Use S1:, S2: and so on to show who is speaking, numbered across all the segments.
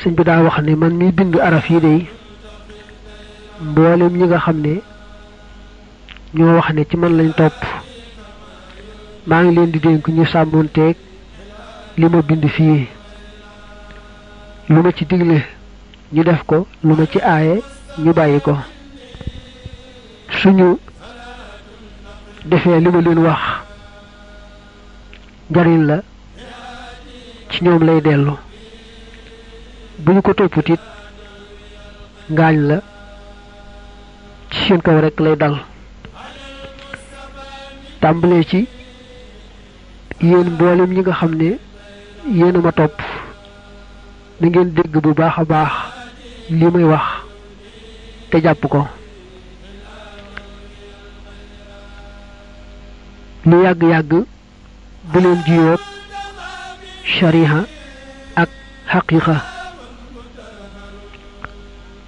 S1: sëñ bi daa wax ne man mi bind araf yi day mboolem ñi nga xam ne ñoo wax ne ci man lañ topp maa ngi leen di dénk ñu sàmmoonteeg li ma bind fii lu ma ci digle ñu def ko lu ma ci aaye ñu bàyyi ko suñu defee li ma leen wax njariñ la ci ñoom lay dellu bu ñu ko topput ngaañ la ci seen kaw rekk lay dal tàmbalee ci yéen mboolem ñi nga xam ne yéen topp na ngeen dégg bu baax a baax li may wax te jàpp ko lu yàgg-yàgg bu leen jiyoot shariha ak xaqiqa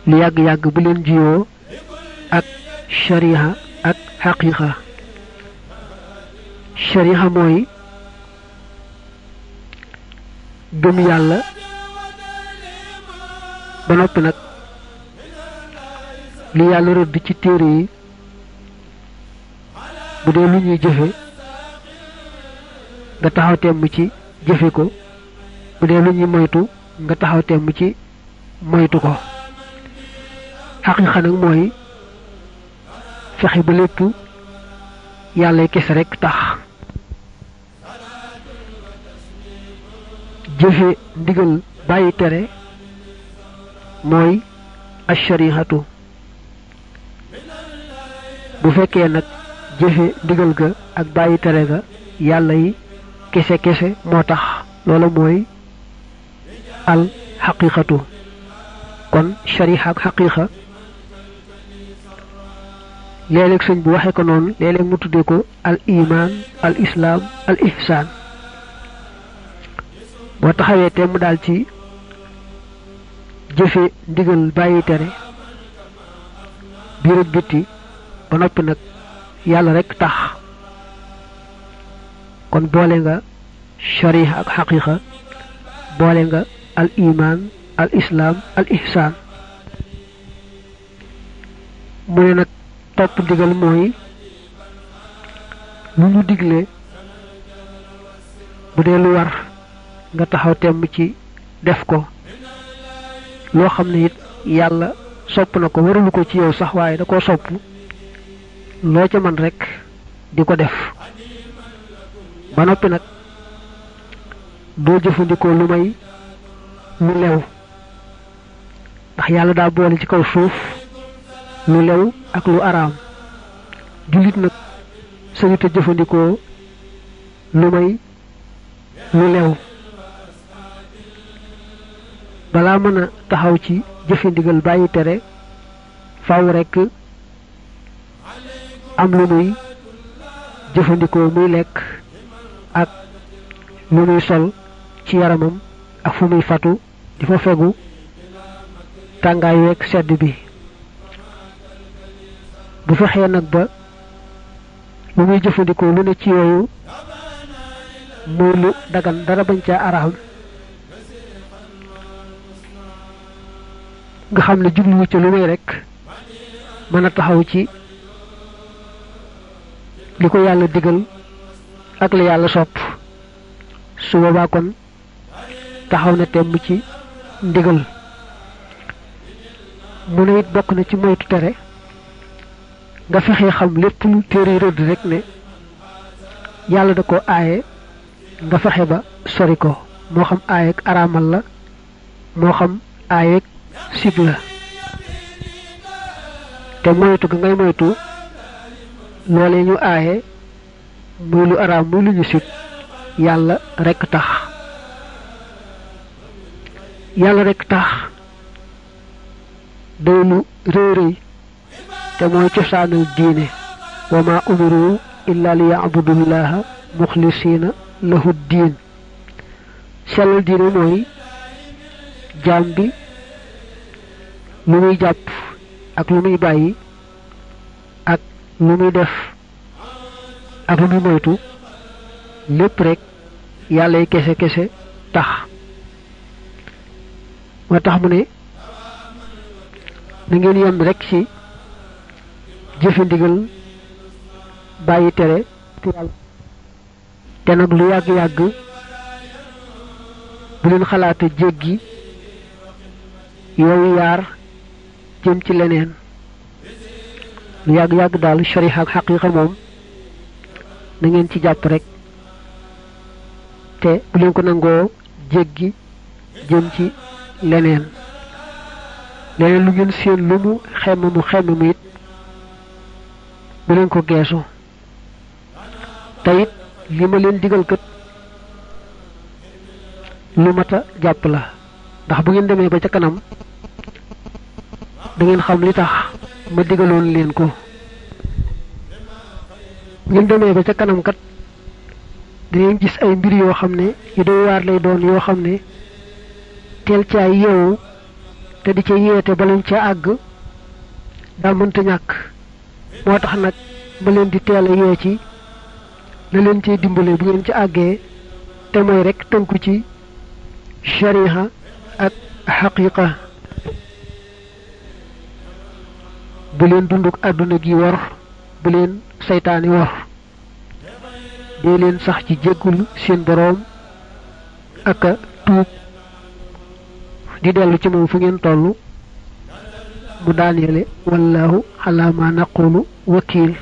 S1: lu yàgg-yàgg bu leen jiyoo ak shariha ak xaqiqa shariha mooy gëm yàlla ba noppi nag li yàlla rëdd ci téere yi bu dee lu ñuy jëfe nga taxaw temm ci jëfe ko bu dee lu ñuy moytu nga taxaw temm ci moytu ko xaqiqa nag mooy fexe ba lépp yàlla kese rekk tax jëfe ndigal bàyyi tere mooy asharihatu bu fekkee nag jëfe ndigal ga ak bàyyi tere ga yàlla yi kese kese moo tax loola mooy al kon shariha ak xaqiqa léeg bu waxee ko noonu léeg-léeg mu tuddee ko al iman al islam al ihsan boo taxawee te daal ci jëfe ndigal bàyyi tere biir ak ba noppi nag yàlla rek tax kon boole nga shariha ak xaqiqa boole nga al iman al islaam al ihsaan mu ne nag topp ndigal mooy lu ñu digle bu dee lu war nga taxaw temm ci def ko loo xam ne it yàlla sopp na ko warulu ko ci yow sax waaye da koo sopp loo ca man rekk di ko def ba noppi nag boo jëfandikoo lu may lu lew ndax yàlla daa boole ci kaw suuf lu lew ak lu araam jullit nag sañu jëfandikoo lu may lu lew balaa mën a taxaw ci jëfe ndigal bàyyi tere faw rekk am lu muy jëfandikoo muy lekk lu muy sol ci yaramam ak fu muy fatu di fa fegu tàngaay weeg sedd bi bu fexee nag ba lu muy jëfandikoo lu ne ci yooyu muy lu dagan dara bañ caa araam nga xam ne jubluwu ca lu muy rekk mën a taxaw ci li ko yàlla digal ak la yàlla sopp su boobaa kon taxaw na temb ci ndigal mu ne it bokk na ci moytu tere nga fexe xam lépp lu téere rëdd rek ne yàlla da ko aaye nga fexe ba sori ko moo xam aayeeg araamal la moo xam aayeeg sib la te moytu ga ngay moytu loolee ñu aaye muy lu araam muy lu ñu sib yàlla rekk tax yàlla rekk tax doonu réeréy te mooy cosaanal diine wa ma umiru illa li yaabudullaha muxlisiina lahu diin sellal diine mooy jaam bi lu muy jàpp ak lu muy bàyyi ak lu muy def ak lu muy moytu lépp rek yàlla kese kese tax moo tax mu ne na ngeen yem rek ci jëfe ndigal bàyyi tere te yàlla te nag lu yàgg-yàgg bu leen xalaata jéggi yooyu yaar jëm ci leneen lu yàgg-yàgg daal shari ak xaqiqa moom na ci jàpp rekk te bu leen ko nangoo jéggi jëm ci leneen leneen lu ngeen seen lu mu xemm mu xemm it bu leen ko geesu te it li ma leen digal kët lu mat a jàpp la ndax bu ngeen demee ba ca kanam da ngeen xam li tax ma digaloon leen ko ngeen demee ba ca kanam dinañ gis ay mbir yoo xam ne yu doy waar lay doon yoo xam ne teel caa yeewu te di ca yeete ba ca àgg daa mënta ñàkk moo tax nag ba leen di teel a yee ci la leen cay dimbale bu ngeen ci àggee te mooy rek tënku ci shariha ak xaqiqa bu leen dunduk àdduna gi war bu leen seytaani war dee sax ci jéggulu seen boroom ak a tuub di dellu ci moom fu ngeen tollu mu daaneele wallaahu alaa ma naqulu wakiil